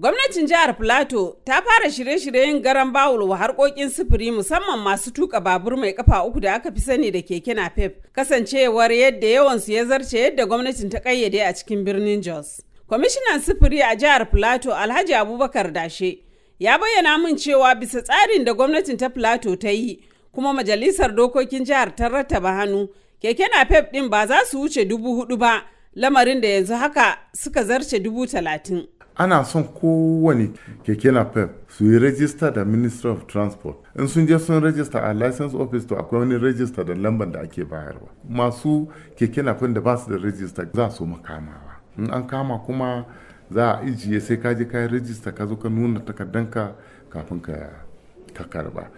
Gwamnatin jihar Filato ta fara shirye-shiryen garan bawul wa harkokin sufuri musamman masu tuka babur mai kafa uku da aka fi sani da keke napep kasancewar yadda yawansu ya zarce yadda gwamnatin ta kayyade a cikin birnin Jos. Kwamishinan sufuri a jihar Filato Alhaji Abubakar Dashe ya bayyana min cewa bisa tsarin da gwamnatin ta Filato ta yi kuma majalisar dokokin jihar ta rattaba hannu keke napep din ba za su wuce dubu hudu ba lamarin da yanzu haka suka zarce dubu talatin. ana son kowane keke napep su yi rajista da ministry of transport in sun je sun rajista a license office to akwai wani rajista da lamban da ake bayarwa masu keke napep da ba su da rajista za su makamawa in an kama kuma za a ijiye sai ka je ka rajista ka zo ka nuna takardanka kafin ka karba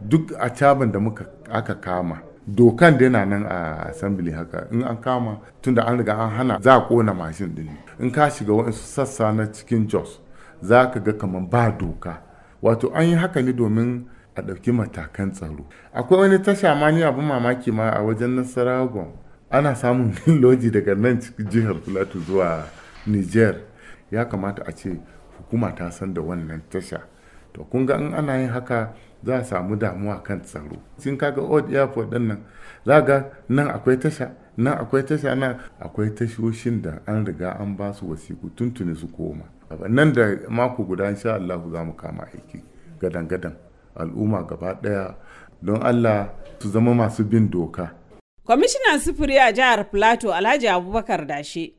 duk a caban da muka aka kama dokan da yana nan a assembly haka in an kama tunda an riga an hana za a kona mashin din in ka shiga waɗansu sassa na cikin jos za ka ga kamar ba doka wato an yi haka ne domin a ɗauki matakan tsaro akwai wani tasha ma ni abin mamaki ma a wajen nasarawa ana samun loji daga nan cikin jihar plateau zuwa niger ya kamata a ce hukuma ta san da wannan tasha to kun ga in ana yin haka za a samu damuwa kan tsaro sun kaga old airport din nan za ga nan akwai tasha nan akwai tasha nan akwai tashoshin da an riga an ba su wasiku tuntuni su koma nan da mako guda insha Allah za mu kama aiki gadan gadan al'umma gaba daya don Allah su zama masu bin doka kwamishinan sufuri a jihar plateau alhaji abubakar dashe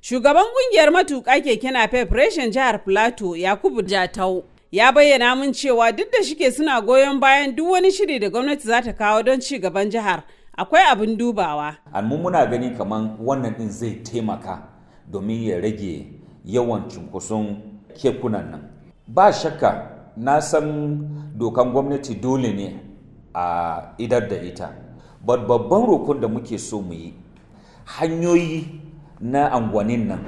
shugaban kungiyar matuƙa keke na reshen jihar plateau yakubu jatau ya bayyana mun cewa duk da shike suna goyon bayan duk wani shiri da gwamnati za ta kawo don ci gaban jihar akwai abin dubawa. mu muna gani kamar wannan din zai taimaka domin ya rage yawan cunkoson kekunan nan. Ba shakka na san dokan gwamnati dole ne a idar da ita. babban rokon da muke so mu yi hanyoyi na angwanin nan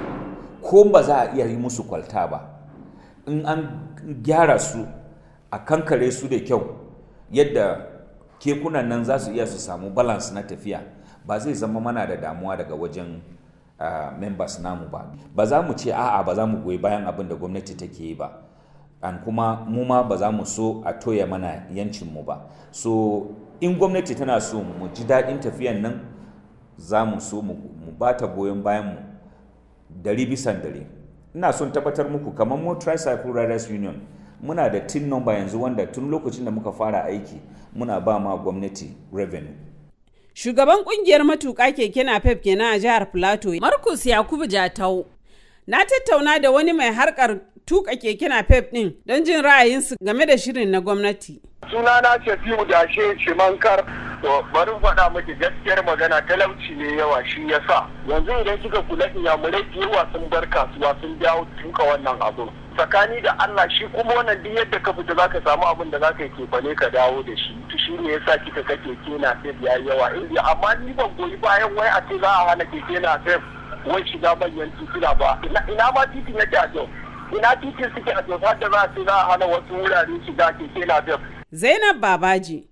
ko ba za a iya yi musu kwalta ba. in an gyara su a kankare su da kyau yadda kekunan nan za su iya su samu balance na tafiya ba zai zama mana da damuwa daga wajen uh, members namu ba ba za mu ce a'a ba za mu goyi bayan abin da gwamnati take yi ba an kuma mu ma ba za mu so a toya mana yancin mu ba so in gwamnati tana so mu ji daɗin tafiyan nan za mu so mu ba ta goyon bayanmu dari bisan dare ina son tabbatar muku kamar mu tricycle riders union muna da tin number yanzu wanda tun lokacin da muka fara aiki muna ba ma gwamnati revenue shugaban kungiyar matuka keke na pep kenan a jihar plato markus yakubu jatau na tattauna da wani mai harkar tuka keke na pep din don jin ra'ayinsu game da shirin na gwamnati sunana da dashe shimankar To bari faɗa miki gaskiyar magana talauci ne yawa shi ya Yanzu idan kika kula inyamurai da yawa sun bar kasuwa sun dawo tuka wannan abun. Tsakani da Allah shi kuma wannan duk yadda ka fita zaka samu abin da zaka ke ka dawo da shi. Shi ne yasa kika ga keke na fef ya yawa. Inda eh, amma ni ban goyi bayan wai a ce za a hana keke na fef wai shiga manyan tituna ba. Ina ma titin yake a ina titin suke a jihar da za ce za a hana wasu wurare shiga keke na Zainab Babaji